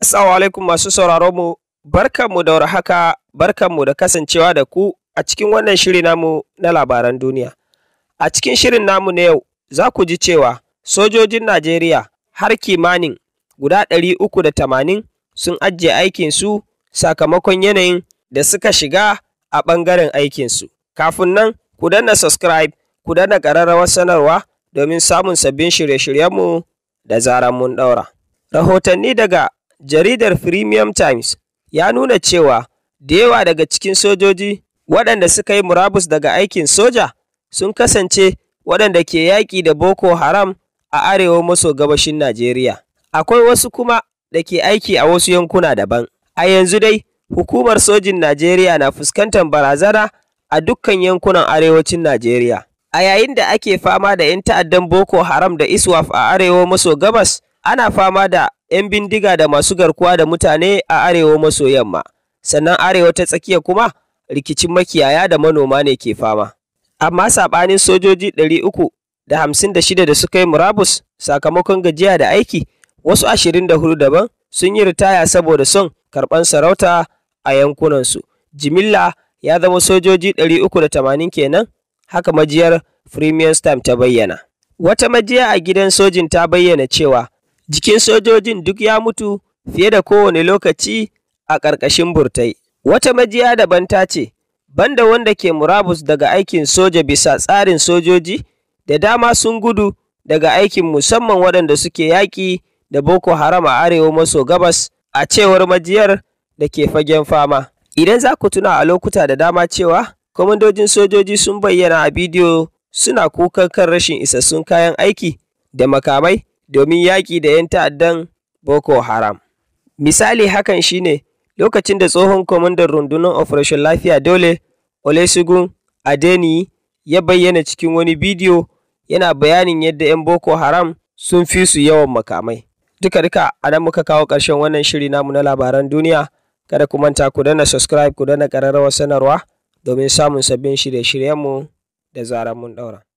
Assalamu alaikum masu sauraron mu barkanmu da warhaka barkanmu da kasancewa da ku a cikin wannan shiri namu na labaran duniya. A cikin shirin namu na yau za ku ji cewa sojojin Najeriya har kimanin guda ɗari uku da tamanin sun ajiye aikinsu sakamakon yanayin da suka shiga a ɓangaren aikinsu. Kafin nan ku danna subscribe ku danna ƙararrawar sanarwa domin samun sabbin shirye-shiryenmu da zaran mun ɗaura. Rahotanni daga jaridar Premium Times ya nuna cewa da yawa daga cikin sojoji waɗanda suka yi murabus daga aikin soja sun kasance waɗanda ke yaƙi da Boko Haram a arewa maso gabashin Najeriya. Akwai wasu kuma da ke aiki a wasu yankuna daban. A yanzu dai, hukumar sojin Najeriya na fuskantar barazana a dukkan yankunan arewacin Najeriya. A yayin da ake fama da 'yan ta'addan Boko Haram da ISWAF a arewa maso gabas, ana fama da 'yan bindiga da masu garkuwa da mutane a arewa maso yamma, sannan arewa ta tsakiya kuma rikicin makiyaya da manoma ne ke fama. Amma saɓanin sojoji ɗari uku da hamsin da shida da suka yi murabus sakamakon gajiya da aiki, wasu ashirin da hudu daban sun yi ritaya saboda son karɓar sarauta a yankunansu. Jimilla ya zama sojoji ɗari uku da tamanin kenan, haka majiyar Premium Stamp ta bayyana. Wata majiya a gidan sojin ta bayyana cewa Jikin sojojin duk ya mutu fiye da kowane lokaci a ƙarƙashin burtai. Wata majiya daban ta ce, banda wanda ke murabus daga aikin soja bisa tsarin sojoji, da dama sun gudu daga aikin musamman waɗanda suke yaƙi da Boko Haram a arewa maso gabas a cewar majiyar da ke fagen fama. Idan za ku tuna a lokuta da dama cewa, kwamandojin sojoji sun bayyana a bidiyo suna kukan kan rashin isassun kayan aiki da makamai domin yaƙi da 'yan ta'addan Boko Haram. Misali hakan shi ne lokacin da tsohon kwamandan rundunar Operation Lafiya Dole Olusegun Adeniyi ya bayyana cikin wani bidiyo yana bayanin yadda 'yan Boko Haram sun fi su yawan makamai. Duka duka a nan muka kawo ƙarshen wannan shiri namu na labaran duniya. Kada ku manta ku danna subscribe ku danna ƙararrawar sanarwa domin samun sabbin shirye-shiryenmu da zara mun ɗaura.